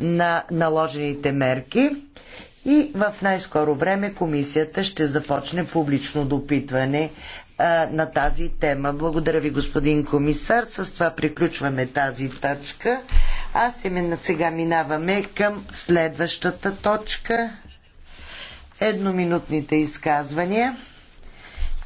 на наложените мерки и в най-скоро време комисията ще започне публично допитване а, на тази тема. Благодаря ви, господин комисар. С това приключваме тази точка. А сега минаваме към следващата точка. Едноминутните изказвания.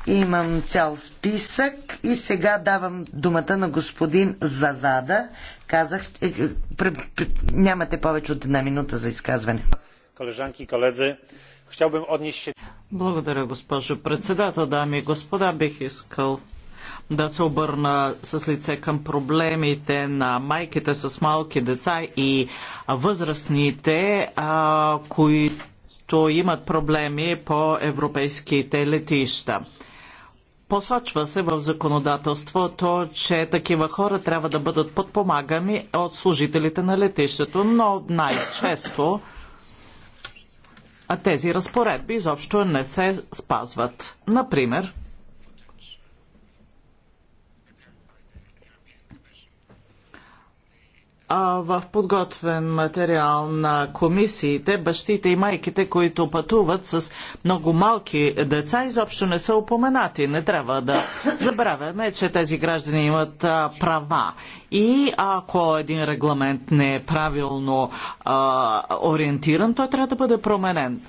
Имам цял списък и сега давам думата на господин Зазада, казах, е, е, нямате повече от една минута за изказване. Колежанки и колеги, Благодаря, госпожо председател, дами и господа. Бих искал да се обърна с лице към проблемите на майките с малки деца и възрастните, а, които имат проблеми по европейските летища. Посочва се в законодателството, че такива хора трябва да бъдат подпомагани от служителите на летището, но най-често тези разпоредби изобщо не се спазват. Например, в подготвен материал на комисиите, бащите и майките, които пътуват с много малки деца, изобщо не са упоменати. Не трябва да забравяме, че тези граждани имат права. И ако един регламент не е правилно а, ориентиран, той трябва да бъде променен.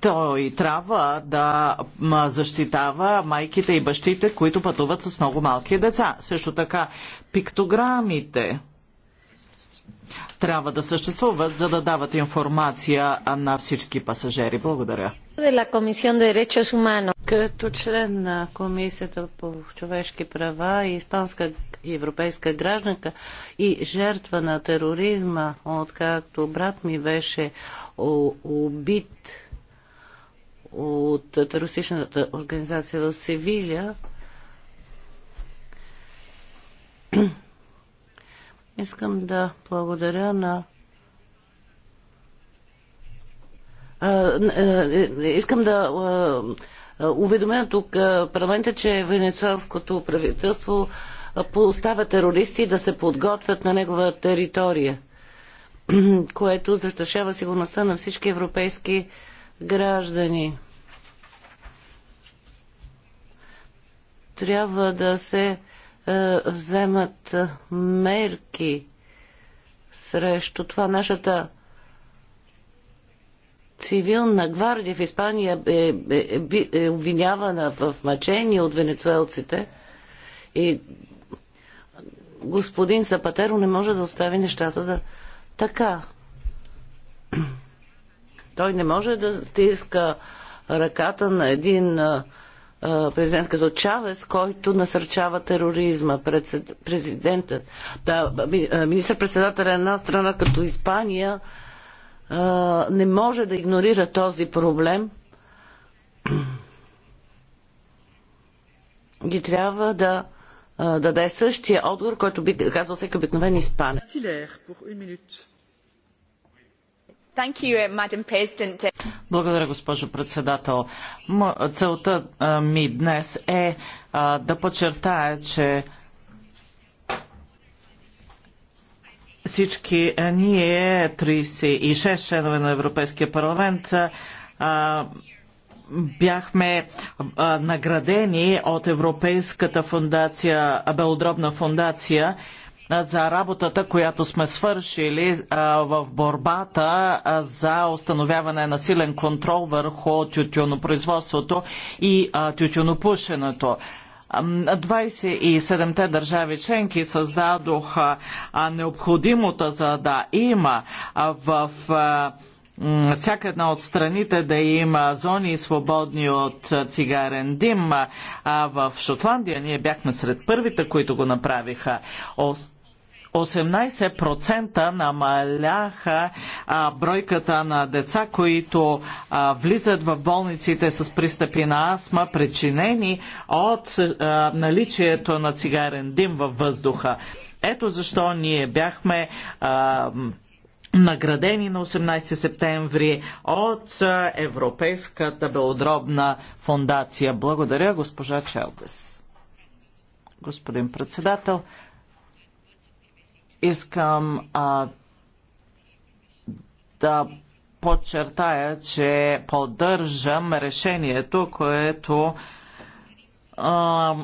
Той трябва да защитава майките и бащите, които пътуват с много малки деца. Също така пиктограмите, трябва да съществуват, за да дават информация на всички пасажери. Благодаря. Като член на Комисията по човешки права и испанска и европейска гражданка и жертва на тероризма, откакто брат ми беше убит от терористичната организация в Севиля, Искам да благодаря на е, е, Искам да уведомя тук парламента, че венецуелското правителство поставя терористи да се подготвят на негова територия, което защищава сигурността на всички европейски граждани. Трябва да се е, вземат е, мерки срещу това. Нашата цивилна гвардия в Испания е, е, е, е обвинявана в мъчение от венецуелците и господин Сапатеро не може да остави нещата да така. Той не може да стиска ръката на един а, президент като Чавес, който насърчава тероризма. Президентът, да, министър-председателя на една страна като Испания не може да игнорира този проблем ги трябва да, даде същия отговор, който би казал всеки обикновен испанец. Uh, Благодаря, госпожо председател. Целта ми днес е да подчертая, че всички ние, 36 членове на Европейския парламент, бяхме наградени от Европейската фундация, Белодробна фундация за работата, която сме свършили в борбата за установяване на силен контрол върху тютюнопроизводството и тютюнопушенето. 27-те държави членки създадоха необходимото, за да има в всяка една от страните да има зони свободни от цигарен дим. А в Шотландия ние бяхме сред първите, които го направиха. 18% намаляха а, бройката на деца, които а, влизат в болниците с пристъпи на астма, причинени от а, наличието на цигарен дим във въздуха. Ето защо ние бяхме а, наградени на 18 септември от Европейската белодробна фундация. Благодаря, госпожа Челдес. Господин председател, Искам а, да подчертая, че поддържам решението, което а,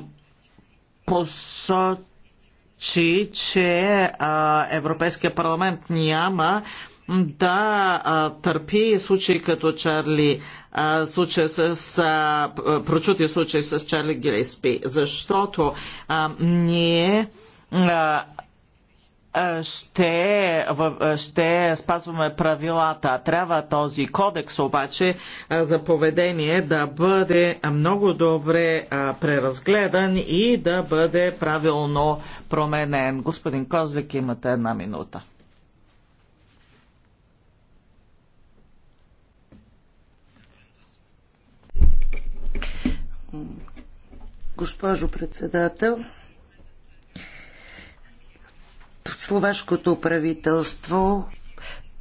посочи, че а, Европейския парламент няма да а, търпи случаи като Чарли, а, случай с, а, прочути случай с Чарли Гилеспи, защото а, ние а, ще, ще спазваме правилата. Трябва този кодекс обаче за поведение да бъде много добре преразгледан и да бъде правилно променен. Господин Козлик, имате една минута. Госпожо председател, Словашкото правителство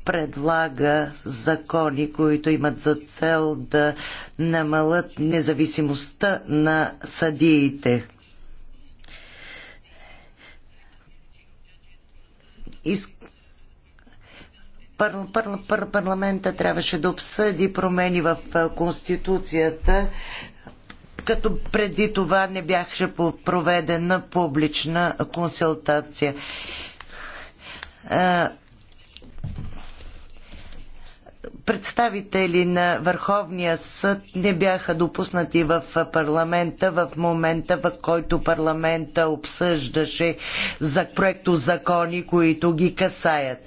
предлага закони, които имат за цел да намалят независимостта на съдиите. Пар... парламента трябваше да обсъди промени в Конституцията, като преди това не бяха проведена публична консултация представители на Върховния съд не бяха допуснати в парламента в момента, в който парламента обсъждаше за проекто закони, които ги касаят.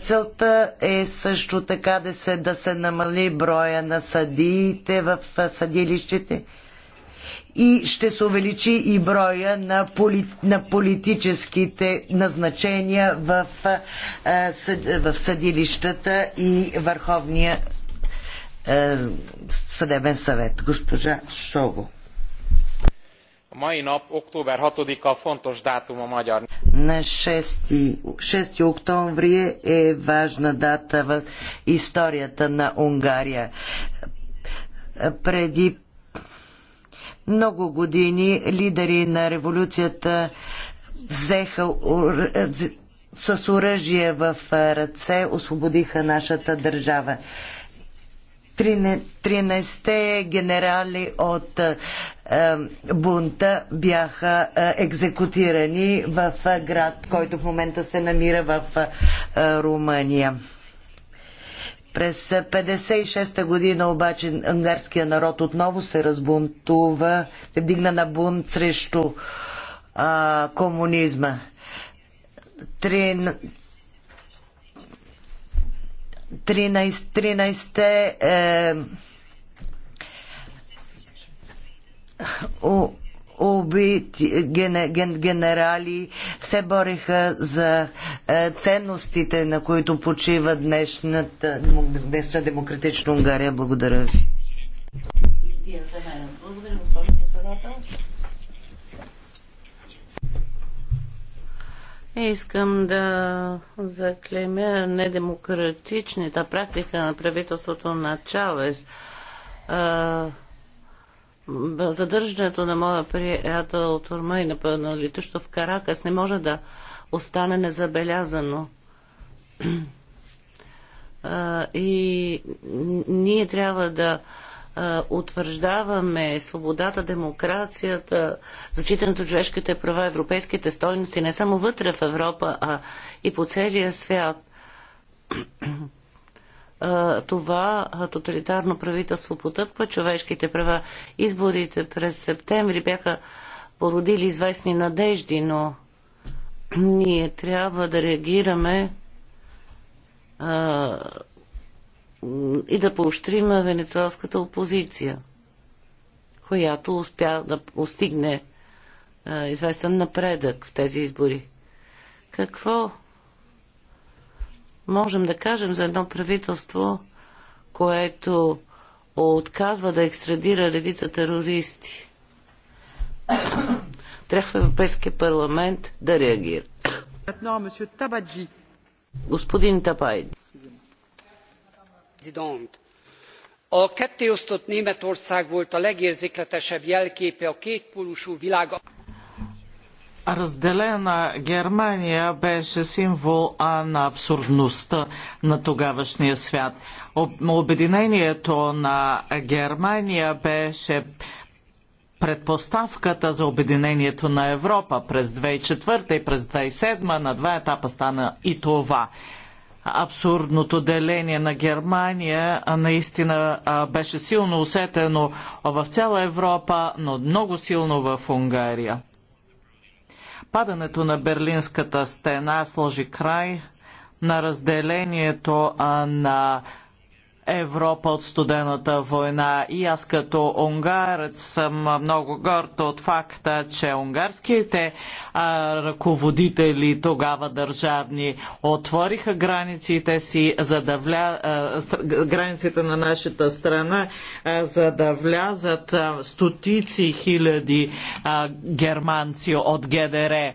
Целта е също така да се, да се намали броя на съдиите в съдилищите и ще се увеличи и броя на, поли, на политическите назначения в, в съдилищата и Върховния съдебен съвет. Госпожа Шово. На 6, 6 октомври е важна дата в историята на Унгария. Преди много години лидери на революцията взеха с оръжие в ръце, освободиха нашата държава. 13-те генерали от бунта бяха екзекутирани в град, който в момента се намира в Румъния. През 56-та година обаче унгарския народ отново се разбунтува, се дигна на бунт срещу а, комунизма. Три... 13, те е, убити генерали се бореха за е, ценностите, на които почива днешната, днешна демократична Унгария. Благодаря ви. Искам да заклемя недемократичната практика на правителството на Чавес задържането на моя приятел Турма и на, пълнолитощо в Каракас не може да остане незабелязано. и ние трябва да утвърждаваме свободата, демокрацията, зачитането човешките права, европейските стойности не само вътре в Европа, а и по целия свят това тоталитарно правителство потъпва човешките права. Изборите през септември бяха породили известни надежди, но ние трябва да реагираме а, и да поощрим венецуелската опозиция, която успя да постигне а, известен напредък в тези избори. Какво можем да кажем за едно правителство, което отказва да екстрадира редица терористи. Трябва Европейския парламент да реагира. Господин Табайди. A Németország volt a legérzékletesebb jelképe a kétpólusú világ разделена Германия беше символ а, на абсурдността на тогавашния свят. Обединението на Германия беше предпоставката за обединението на Европа през 2004 и през 2007 на два етапа стана и това. Абсурдното деление на Германия наистина беше силно усетено в цяла Европа, но много силно в Унгария. Падането на Берлинската стена сложи край на разделението на Европа от студената война. И аз като унгарец съм много горд от факта, че унгарските а, ръководители тогава държавни отвориха границите си, за да вля... а, границите на нашата страна, а, за да влязат а, стотици хиляди а, германци от ГДР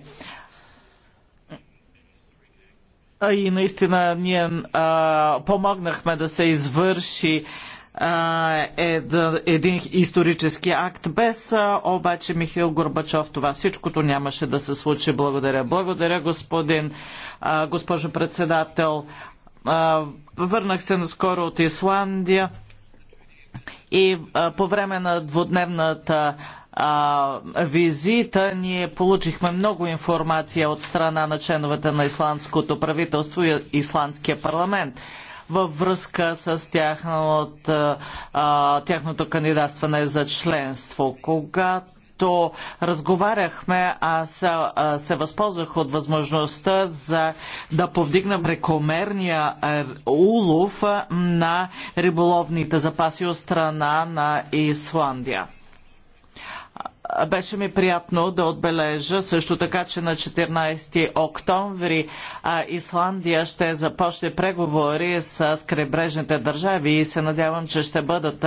и наистина ние а, помогнахме да се извърши а, е, един исторически акт без а, обаче Михаил Горбачов това всичкото нямаше да се случи. Благодаря. Благодаря господин, а, госпожо председател. А, върнах се наскоро от Исландия и а, по време на двудневната а, визита ние получихме много информация от страна на членовете на исландското правителство и исландския парламент във връзка с тяхната, а, тяхното кандидатстване за членство. Когато то разговаряхме, аз се възползвах от възможността за да повдигна прекомерния улов на риболовните запаси от страна на Исландия. Беше ми приятно да отбележа също така, че на 14 октомври Исландия ще започне преговори с крайбрежните държави и се надявам, че ще бъдат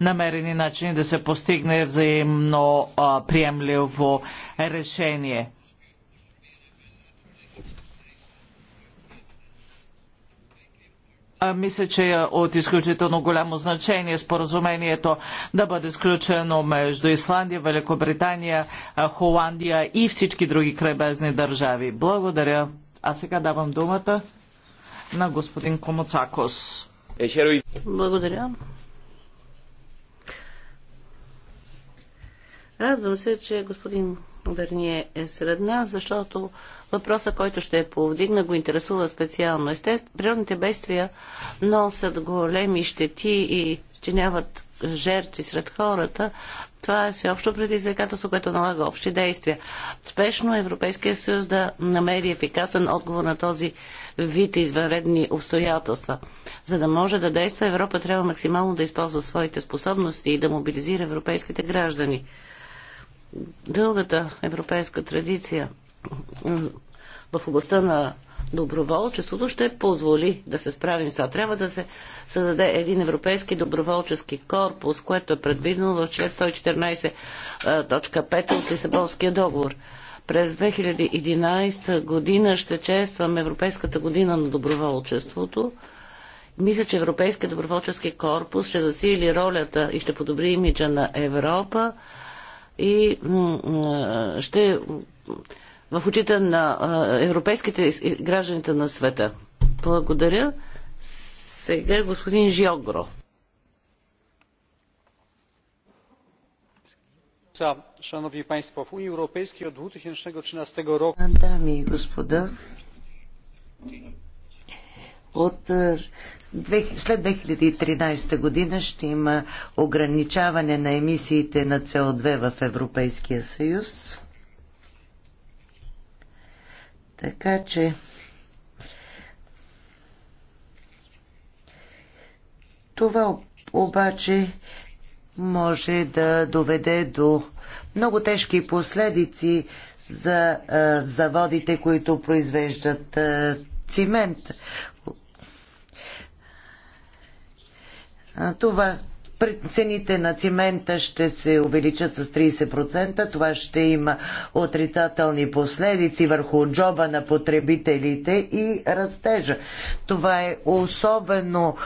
намерени начини да се постигне взаимно приемливо решение. мисля, че е от изключително голямо значение споразумението да бъде сключено между Исландия, Великобритания, Холандия и всички други крайбезни държави. Благодаря. А сега давам думата на господин Комоцакос. Благодаря. Радвам се, че господин Берние е сред нас, защото Въпроса, който ще повдигна, го интересува специално. Естествено, природните бедствия носят големи щети и чиняват жертви сред хората. Това е всеобщо предизвикателство, което налага общи действия. Спешно е Европейския съюз да намери ефикасен отговор на този вид извънредни обстоятелства. За да може да действа, Европа трябва максимално да използва своите способности и да мобилизира европейските граждани. Дългата европейска традиция – в областта на доброволчеството ще позволи да се справим с това. Трябва да се създаде един европейски доброволчески корпус, което е предвидено в член 114.5 от Лисабонския договор. През 2011 година ще честваме Европейската година на доброволчеството. Мисля, че Европейския доброволчески корпус ще засили ролята и ще подобри имиджа на Европа и ще в очите на европейските гражданите на света. Благодаря. Сега е господин Жиогро. Шановни Państwo, в Unii Европейски от 2013 roku... Дами и господа, от след 2013 година ще има ограничаване на емисиите на со 2 в Европейския съюз. Така че това обаче може да доведе до много тежки последици за а, заводите, които произвеждат а, цимент. А, това Цените на цимента ще се увеличат с 30%. Това ще има отрицателни последици върху джоба на потребителите и растежа. Това е особено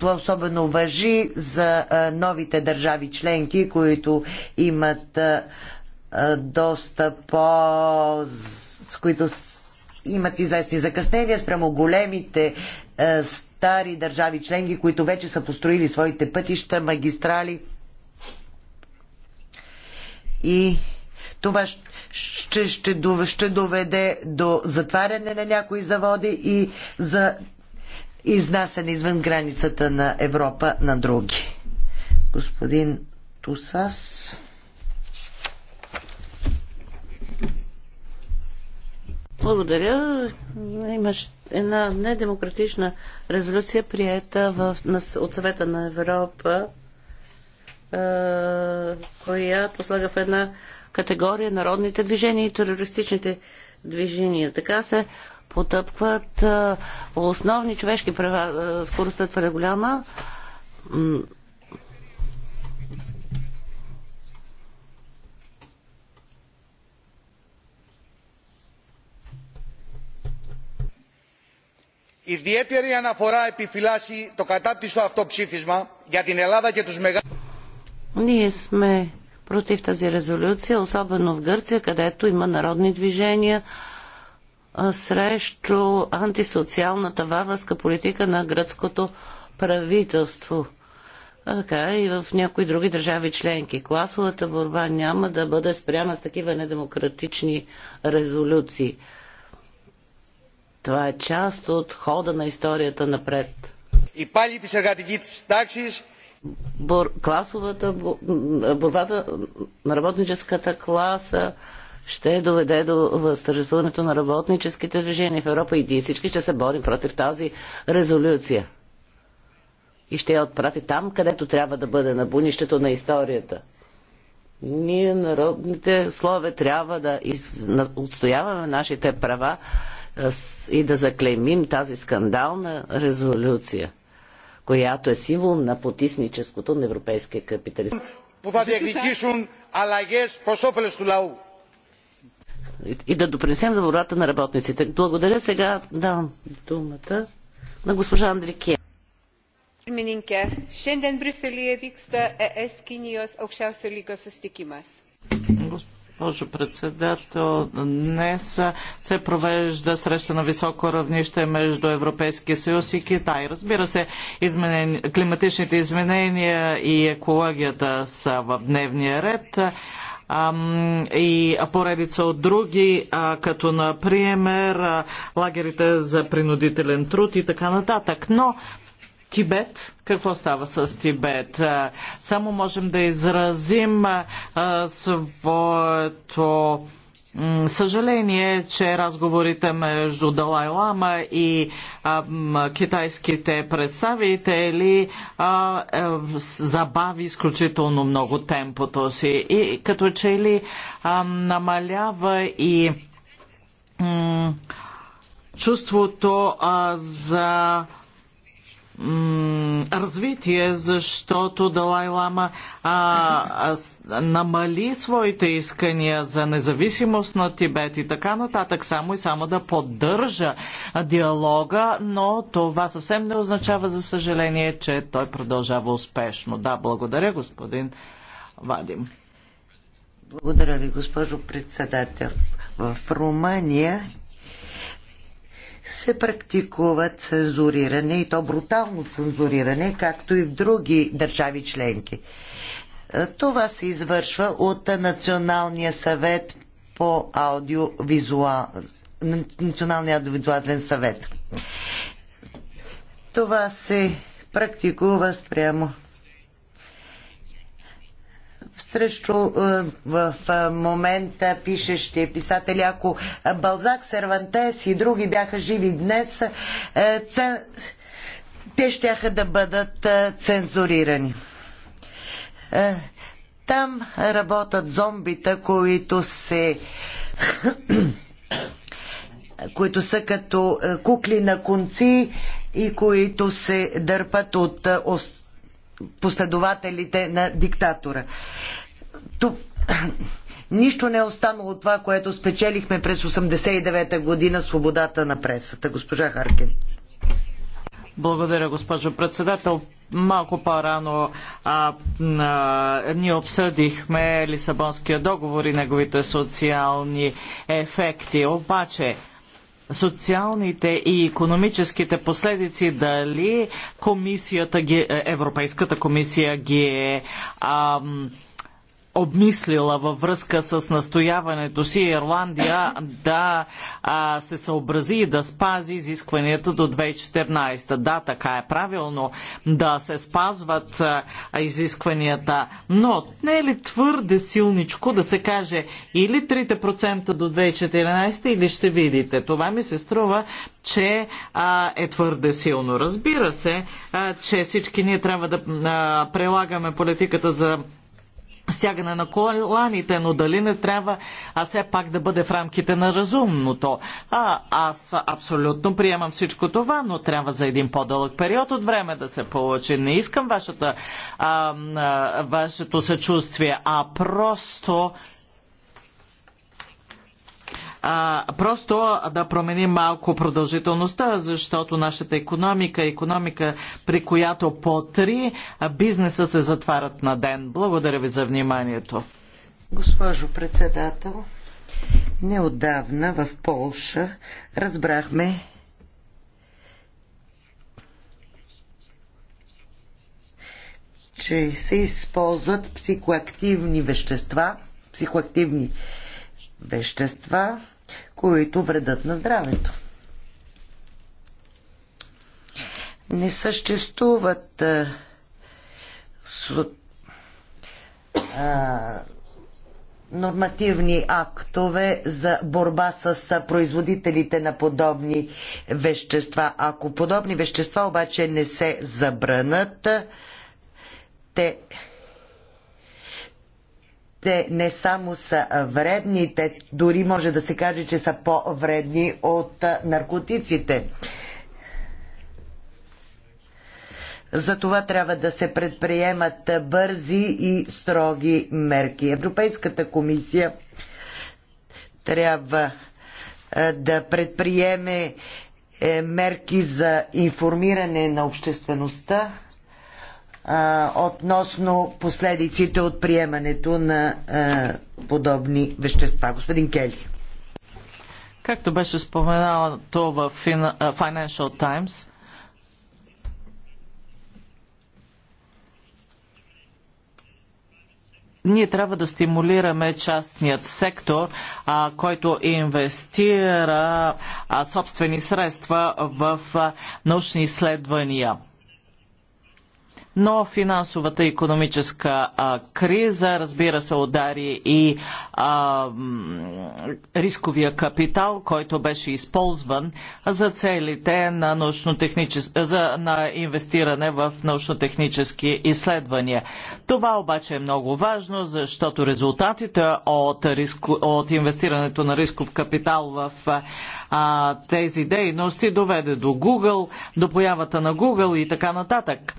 това особено въжи за новите държави членки, които имат доста по... с които имат известни закъснения спрямо големите стари държави членки, които вече са построили своите пътища, магистрали. И това ще, ще, ще доведе до затваряне на някои заводи и за изнасяне извън границата на Европа на други. Господин Тусас. Благодаря. Имаш една недемократична резолюция, приета в, на, от съвета на Европа, е, която слага в една категория народните движения и терористичните движения. Така се потъпкват е, основни човешки права. Скоростта е твърде голяма. ιδιαίτερη αναφορά επιφυλάσσει το κατάπτυστο αυτό ψήφισμα για την Ελλάδα και τους μεγάλους... Ние сме против тази резолюция, особено в Гърция, където има народни движения срещу антисоциалната ваваска политика на гръцкото правителство. А така е и в някои други държави членки. Класовата борба няма да бъде спряма с такива недемократични резолюции. Това е част от хода на историята напред. И пали ти εργατική такси. Бор, класовата, борбата на работническата класа ще доведе до възтържествуването на работническите движения в Европа и ние всички ще се борим против тази резолюция. И ще я отпрати там, където трябва да бъде на бунището на историята. Ние, народните слове, трябва да из... отстояваме нашите права и да заклеймим тази скандална резолюция, която е символ на потисническото на европейския капитализъм. И да допринесем за борбата на работниците. Благодаря сега, давам думата на госпожа Андрикия šiandien briuselyje vyksta es kinijos aukščiausio lygio susitikimas Госпожо председател, днес се провежда среща на високо равнище между Европейския съюз и Китай. Разбира се, изменен... климатичните изменения и екологията са в дневния ред и поредица от други, като например лагерите за принудителен труд и така нататък. Но Тибет. Какво става с Тибет? Само можем да изразим своето съжаление, че разговорите между Далай Лама и китайските представители е, забави изключително много темпото си и като че ли намалява и чувството за развитие, защото Далай Лама а, а, намали своите искания за независимост на Тибет и така нататък, само и само да поддържа диалога, но това съвсем не означава, за съжаление, че той продължава успешно. Да, благодаря, господин Вадим. Благодаря ви, госпожо председател. В Румъния се практикува цензуриране и то брутално цензуриране, както и в други държави членки. Е, това се извършва от Националния съвет по аудиовизуал... Националния аудиовизуален съвет. Това се практикува спрямо срещу е, в е, момента пишещи писатели. Ако Балзак, Сервантес и други бяха живи днес, е, те щяха да бъдат цензурирани. Там работят зомбита, които се които са като кукли на конци и които се дърпат от последователите на диктатора. Нищо не е останало от това, което спечелихме през 89-та година свободата на пресата. Госпожа Харкин. Благодаря, госпожо председател. Малко по-рано ние обсъдихме Лисабонския договор и неговите социални ефекти. Обаче, социалните и економическите последици, дали комисията, е, Европейската комисия ги е ам, обмислила във връзка с настояването си Ирландия да а, се съобрази и да спази изискванията до 2014. Да, така е правилно да се спазват а, изискванията, но не е ли твърде силничко да се каже или 3% до 2014 или ще видите. Това ми се струва, че а, е твърде силно. Разбира се, а, че всички ние трябва да а, прилагаме политиката за стягане на коланите, но дали не трябва, а все пак да бъде в рамките на разумното. А, аз абсолютно приемам всичко това, но трябва за един по-дълъг период от време да се получи. Не искам вашата, а, а, вашето съчувствие, а просто а, просто да променим малко продължителността, защото нашата економика е економика, при която по три бизнеса се затварят на ден. Благодаря ви за вниманието. Госпожо председател, неодавна в Полша разбрахме, че се използват психоактивни вещества, психоактивни вещества, които вредат на здравето. Не съществуват а, с, а, нормативни актове за борба с производителите на подобни вещества. Ако подобни вещества обаче не се забранат, те те не само са вредни, те дори може да се каже, че са по-вредни от наркотиците. Затова трябва да се предприемат бързи и строги мерки. Европейската комисия трябва да предприеме е, мерки за информиране на обществеността а, относно последиците от приемането на а, подобни вещества. Господин Кели. Както беше споменато в Financial Times, ние трябва да стимулираме частният сектор, а, който инвестира а, собствени средства в а, научни изследвания – но финансовата и економическа а, криза, разбира се, удари и а, рисковия капитал, който беше използван за целите на, за, на инвестиране в научно-технически изследвания. Това обаче е много важно, защото резултатите от, риско, от инвестирането на рисков капитал в а, тези дейности доведе до Google, до появата на Google и така нататък.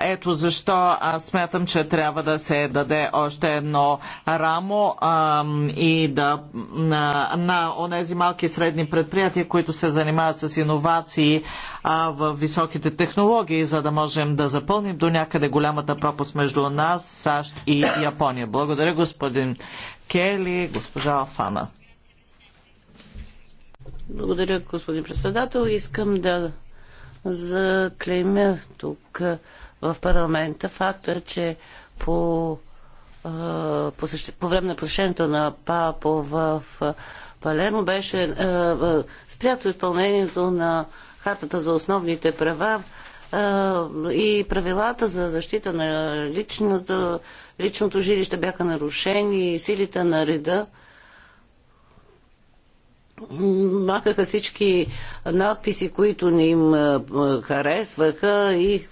Ето защо аз смятам, че трябва да се даде още едно рамо а, и да на, на онези малки и средни предприятия, които се занимават с иновации а, в високите технологии, за да можем да запълним до някъде голямата пропаст между нас, САЩ и Япония. Благодаря господин Кели, госпожа Алфана. Благодаря, господин председател. Искам да заклеймя тук в парламента факта, е, че по, посещ... по време на посещението на Папо в Палермо беше спрято изпълнението на Хартата за основните права и правилата за защита на личното, личното жилище бяха нарушени и силите на реда махаха всички надписи, които не им харесваха и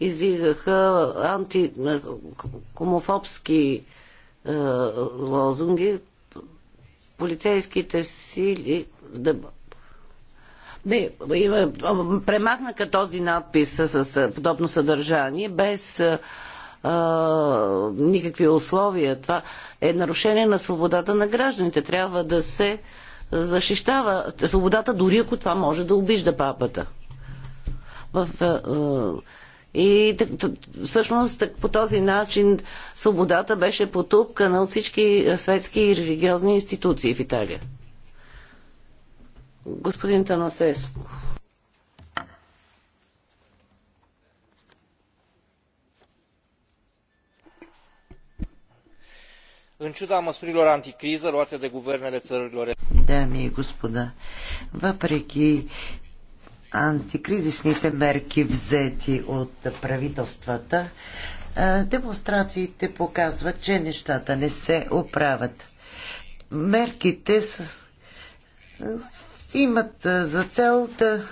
издигаха антикомофобски лозунги, полицейските сили да не, има, премахнаха този надпис с подобно съдържание без а, а, никакви условия. Това е нарушение на свободата на гражданите. Трябва да се а, защищава свободата, дори ако това може да обижда папата. В, е, е, и всъщност по този начин свободата беше потупкана от всички светски и религиозни институции в Италия. Господин Танасеско. în ciuda măsurilor anticriză luate de guvernele țărilor. Дами и господа, въпреки антикризисните мерки взети от правителствата, демонстрациите показват, че нещата не се оправят. Мерките с... имат за цел да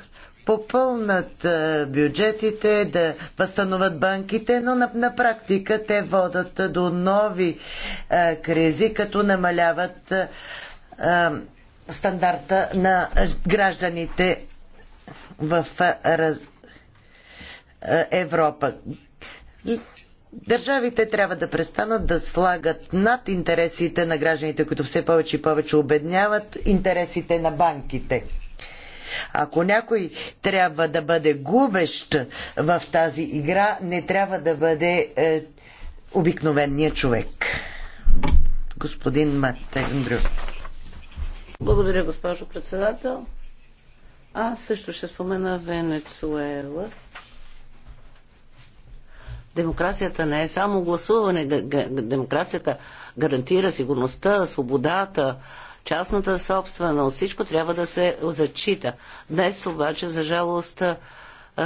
попълнат бюджетите, да възстановят банките, но на, на практика те водат до нови а, кризи, като намаляват а, стандарта на гражданите в раз... Европа. Държавите трябва да престанат да слагат над интересите на гражданите, които все повече и повече обедняват, интересите на банките. Ако някой трябва да бъде губещ в тази игра, не трябва да бъде е, обикновения човек. Господин Матендрю. Благодаря, госпожо председател. Аз също ще спомена Венецуела. Демокрацията не е само гласуване. Демокрацията гарантира сигурността, свободата, частната собственост. Всичко трябва да се зачита. Днес обаче, за жалост,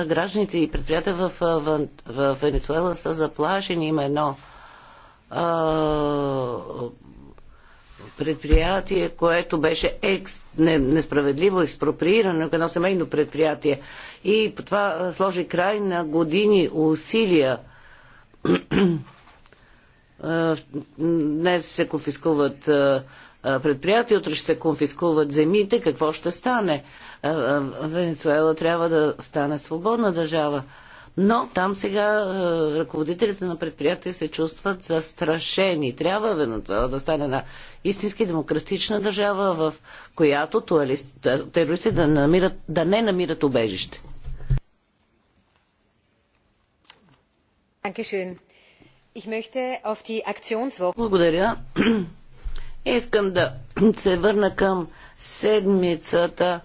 гражданите и предприятия в, в, в Венесуела са заплашени. Има едно а, предприятие, което беше екс, не, несправедливо експроприирано, едно семейно предприятие. И това сложи край на години усилия. Днес се конфискуват предприятия, утре ще се конфискуват земите, какво ще стане? Венецуела трябва да стане свободна държава. Но там сега ръководителите на предприятия се чувстват застрашени. Трябва Венецуела да стане една истински демократична държава, в която терористи да, намират, да не намират убежище. Благодаря. Искам да се върна към седмицата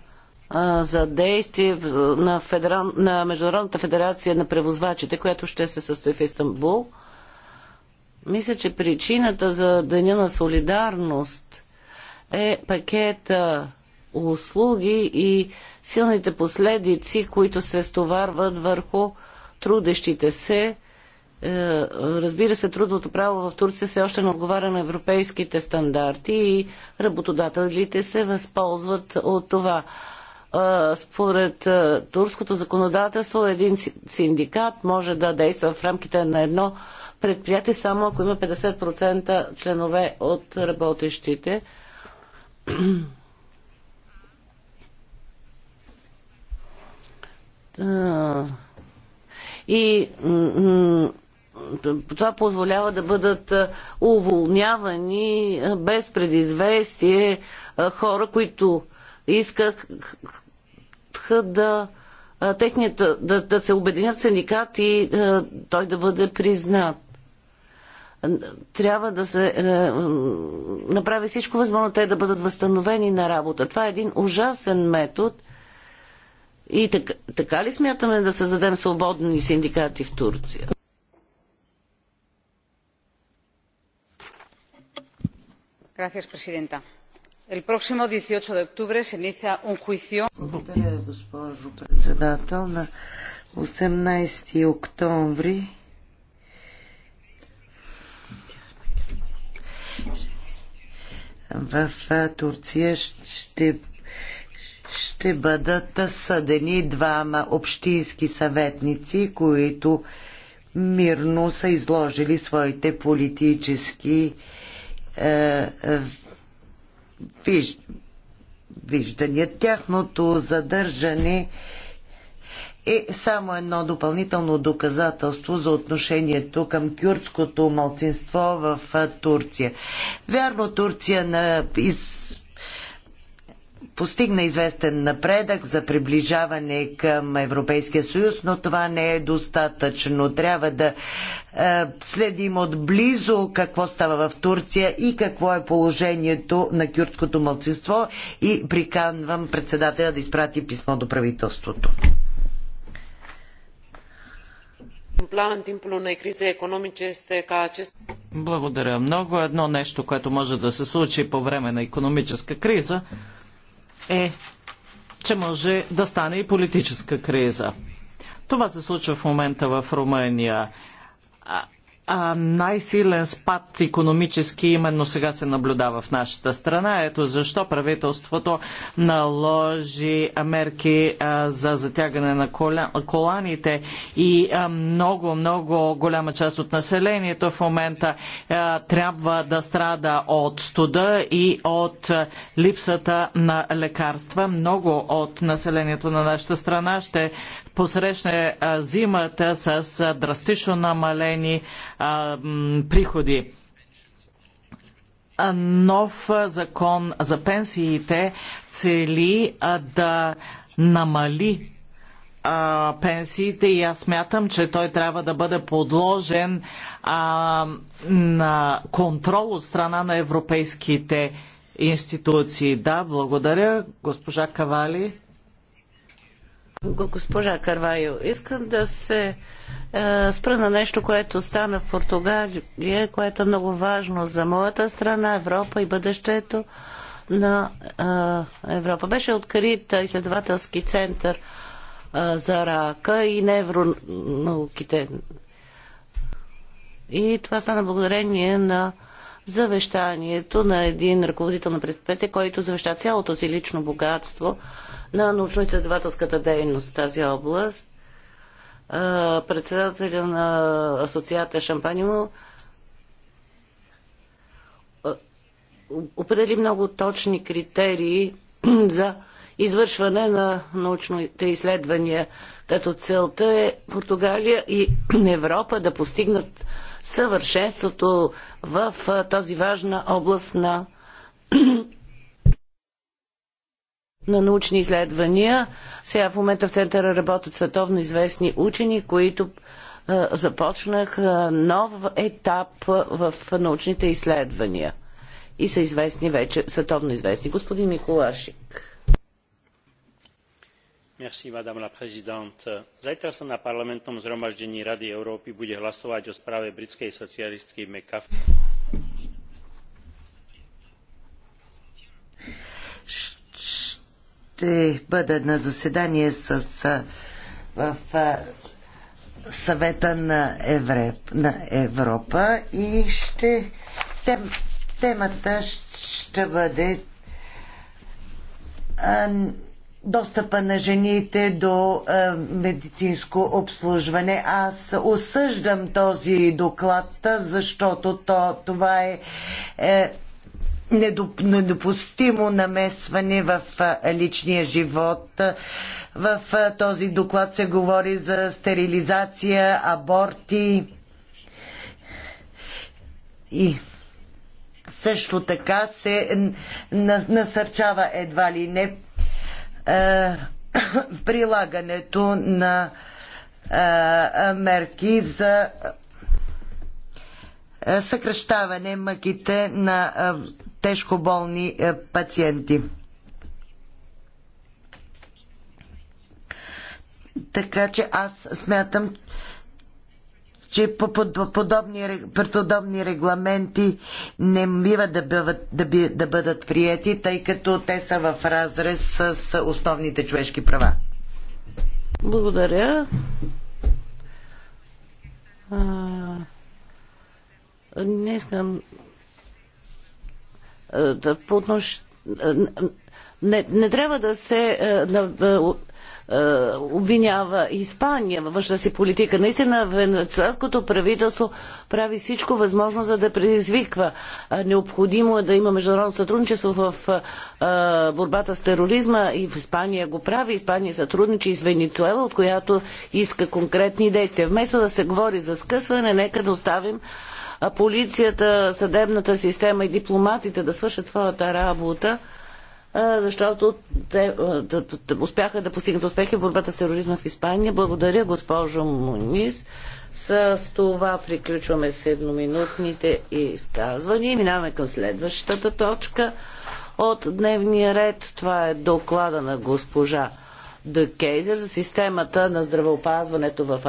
а, за действие на, федерал, на Международната федерация на превозвачите, която ще се състои в Истанбул. Мисля, че причината за Деня на солидарност е пакета услуги и силните последици, които се стоварват върху трудещите се е, разбира се, трудовото право в Турция все още не отговаря на европейските стандарти и работодателите се възползват от това. Е, според е, турското законодателство един синдикат може да действа в рамките на едно предприятие само ако има 50% членове от работещите. И това позволява да бъдат уволнявани без предизвестие хора, които исках да техният, да, да се обединят синдикат и той да бъде признат. Трябва да се е, направи всичко възможно те да бъдат възстановени на работа. Това е един ужасен метод. И така, така ли смятаме да създадем свободни синдикати в Турция? señora presidenta el próximo dieciocho de octubre se inicia un juicio. На 18 октомври в Турция ще, ще бъдат съдени двама общински съветници, които мирно са изложили своите политически е, е, виж, виждания. Тяхното задържане е само едно допълнително доказателство за отношението към кюрдското малцинство в е, Турция. Вярно, Турция на, из, постигна известен напредък за приближаване към Европейския съюз, но това не е достатъчно. Трябва да е, следим отблизо какво става в Турция и какво е положението на кюрдското мълцинство и приканвам председателя да изпрати писмо до правителството. Благодаря много. Едно нещо, което може да се случи по време на економическа криза, е, че може да стане и политическа криза. Това се случва в момента в Румъния най-силен спад економически именно сега се наблюдава в нашата страна. Ето защо правителството наложи мерки а, за затягане на коля, коланите и много, много голяма част от населението в момента а, трябва да страда от студа и от липсата на лекарства. Много от населението на нашата страна ще посрещне зимата с драстично намалени а, приходи. Нов закон за пенсиите цели а, да намали а, пенсиите и аз смятам, че той трябва да бъде подложен а, на контрол от страна на европейските институции. Да, благодаря, госпожа Кавали. Госпожа Карвайо, искам да се е, спра на нещо, което стана в Португалия, което е много важно за моята страна, Европа и бъдещето на е, Европа. Беше открит изследователски център е, за рака и невронауките. И това стана благодарение на завещанието на един ръководител на предприятие, който завеща цялото си лично богатство – на научно-изследователската дейност в тази област. Председателя на Асоциата Шампанимо определи много точни критерии за извършване на научните изследвания, като целта е Португалия и Европа да постигнат съвършенството в този важна област на на научни изследвания. Сега в момента в центъра работят световно известни учени, които е, започнах е, нов етап в научните изследвания и са известни вече, световно известни. Господин Миколашик. Merci, madame la prezidente. Zajtra sa na parlamentnom zhromaždení Rady Európy bude hlasovať o správe britskej социалистки Мекафи ще бъде на заседание с, в съвета на, Евреп, на Европа и ще тем, темата ще бъде а, достъпа на жените до а, медицинско обслужване. Аз осъждам този доклад, защото то, това е, е недопустимо намесване в личния живот. В този доклад се говори за стерилизация, аборти и също така се насърчава едва ли не прилагането на мерки за съкръщаване мъките на тежко болни е, пациенти. Така че аз смятам, че по подобни, подобни регламенти не бива да бъдат, да, би, да бъдат прияти, тъй като те са в разрез с основните човешки права. Благодаря. А, не искам е, по отнош... Е, не, не трябва да се е, обвинява Испания във външна си политика. Наистина венецуелското правителство прави всичко възможно за да предизвиква. Необходимо е да има международно сътрудничество в борбата с тероризма и в Испания го прави. Испания сътрудничи и с Венецуела, от която иска конкретни действия. Вместо да се говори за скъсване, нека да оставим полицията, съдебната система и дипломатите да свършат своята работа, защото те успяха да постигнат успехи в борбата с тероризма в Испания. Благодаря, госпожо Мунис. С това приключваме с едноминутните изказвания и минаваме към следващата точка от дневния ред. Това е доклада на госпожа Декейзер за системата на здравеопазването в